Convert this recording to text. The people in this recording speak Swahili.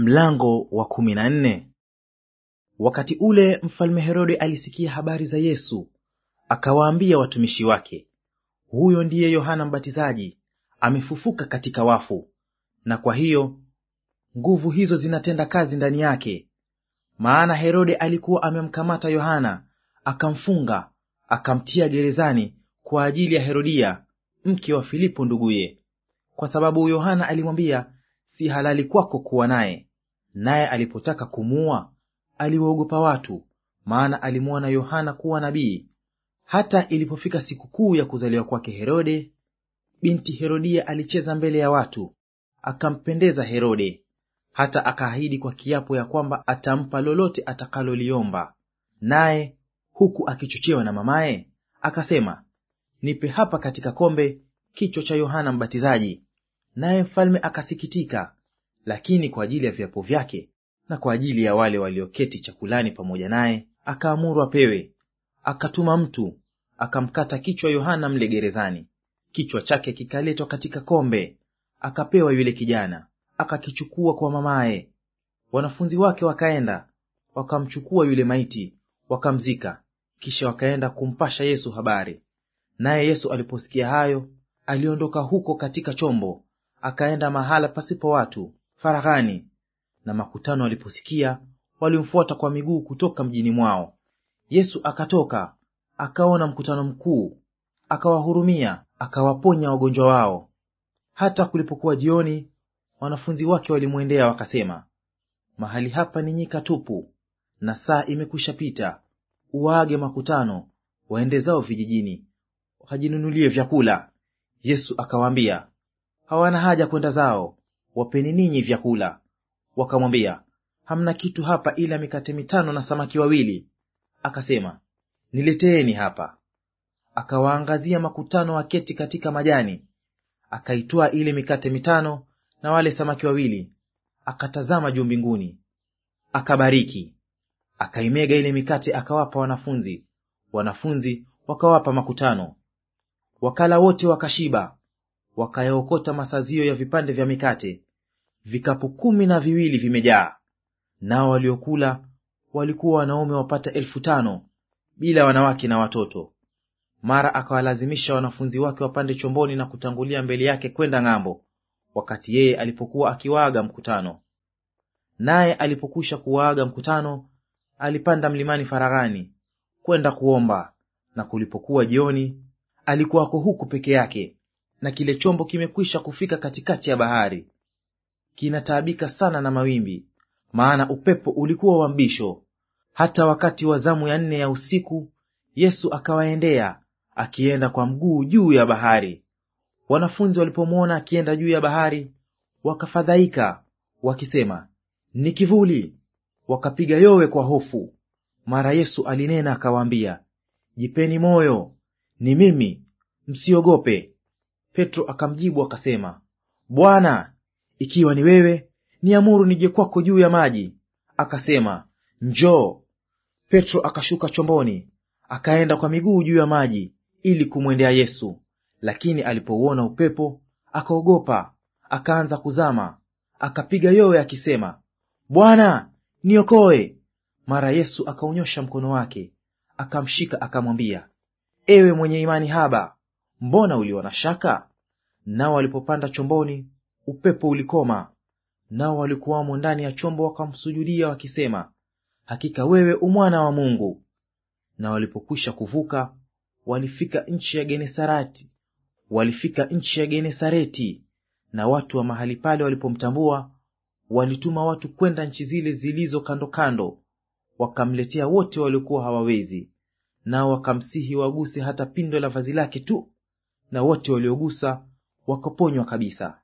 Mlango wa kumi na nne. Wakati ule mfalme Herode alisikia habari za Yesu, akawaambia watumishi wake, huyo ndiye Yohana Mbatizaji amefufuka katika wafu, na kwa hiyo nguvu hizo zinatenda kazi ndani yake. Maana Herode alikuwa amemkamata Yohana, akamfunga, akamtia gerezani kwa ajili ya Herodia mke wa Filipo nduguye, kwa sababu Yohana alimwambia, si halali kwako kuwa naye naye alipotaka kumuua aliwaogopa watu, maana alimwona Yohana kuwa nabii. Hata ilipofika sikukuu ya kuzaliwa kwake Herode, binti Herodia alicheza mbele ya watu, akampendeza Herode, hata akaahidi kwa kiapo ya kwamba atampa lolote atakaloliomba. Naye huku akichochewa na mamaye akasema, nipe hapa katika kombe kichwa cha Yohana Mbatizaji. Naye mfalme akasikitika, lakini kwa ajili ya viapo vyake na kwa ajili ya wale walioketi chakulani pamoja naye akaamuru apewe. Akatuma mtu akamkata kichwa Yohana mle gerezani, kichwa chake kikaletwa katika kombe, akapewa yule kijana, akakichukua kwa mamaye. Wanafunzi wake wakaenda wakamchukua yule maiti, wakamzika, kisha wakaenda kumpasha Yesu habari. Naye Yesu aliposikia hayo, aliondoka huko katika chombo, akaenda mahala pasipo watu, faraghani. Na makutano waliposikia, walimfuata kwa miguu kutoka mjini mwao. Yesu akatoka akaona mkutano mkuu, akawahurumia, akawaponya wagonjwa wao. Hata kulipokuwa jioni, wanafunzi wake walimwendea wakasema, mahali hapa ni nyika tupu, na saa imekwisha pita. Uwaage makutano waende zao vijijini, wakajinunulie vyakula. Yesu akawaambia, hawana haja kwenda zao, wapeni ninyi vyakula. Wakamwambia, hamna kitu hapa ila mikate mitano na samaki wawili. Akasema, nileteeni hapa. Akawaangazia makutano waketi katika majani, akaitoa ile mikate mitano na wale samaki wawili, akatazama juu mbinguni, akabariki, akaimega ile mikate, akawapa wanafunzi, wanafunzi wakawapa makutano. Wakala wote wakashiba, wakayaokota masazio ya vipande vya mikate, vikapu kumi na viwili vimejaa. Nao waliokula walikuwa wanaume wapata elfu tano bila wanawake na watoto. Mara akawalazimisha wanafunzi wake wapande chomboni na kutangulia mbele yake kwenda ng'ambo, wakati yeye alipokuwa akiwaaga mkutano. Naye alipokwisha kuwaaga mkutano, alipanda mlimani faraghani kwenda kuomba, na kulipokuwa jioni, alikuwako huku peke yake, na kile chombo kimekwisha kufika katikati ya bahari kinataabika sana na mawimbi, maana upepo ulikuwa wa mbisho. Hata wakati wa zamu ya nne ya usiku Yesu akawaendea akienda kwa mguu juu ya bahari. Wanafunzi walipomwona akienda juu ya bahari, wakafadhaika wakisema, ni kivuli, wakapiga yowe kwa hofu. Mara Yesu alinena akawaambia, jipeni moyo, ni mimi, msiogope. Petro akamjibu akasema, Bwana, ikiwa ni wewe, niamuru nije kwako juu ya maji. Akasema, njoo. Petro akashuka chomboni, akaenda kwa miguu juu ya maji ili kumwendea Yesu. Lakini alipouona upepo akaogopa, akaanza kuzama, akapiga yowe akisema, Bwana, niokoe. Mara Yesu akaonyosha mkono wake, akamshika, akamwambia, ewe mwenye imani haba, mbona na shaka? Nao walipopanda chomboni upepo ulikoma, nao walikuwamo ndani ya chombo wakamsujudia wakisema, hakika wewe umwana wa Mungu. Na walipokwisha kuvuka, walifika nchi ya Genesarati, walifika nchi ya Genesareti. Na watu wa mahali pale walipomtambua, walituma watu kwenda nchi zile zilizo kando kando, wakamletea wote waliokuwa hawawezi, nao wakamsihi waguse hata pindo la vazi lake tu, na wote waliogusa wakaponywa kabisa.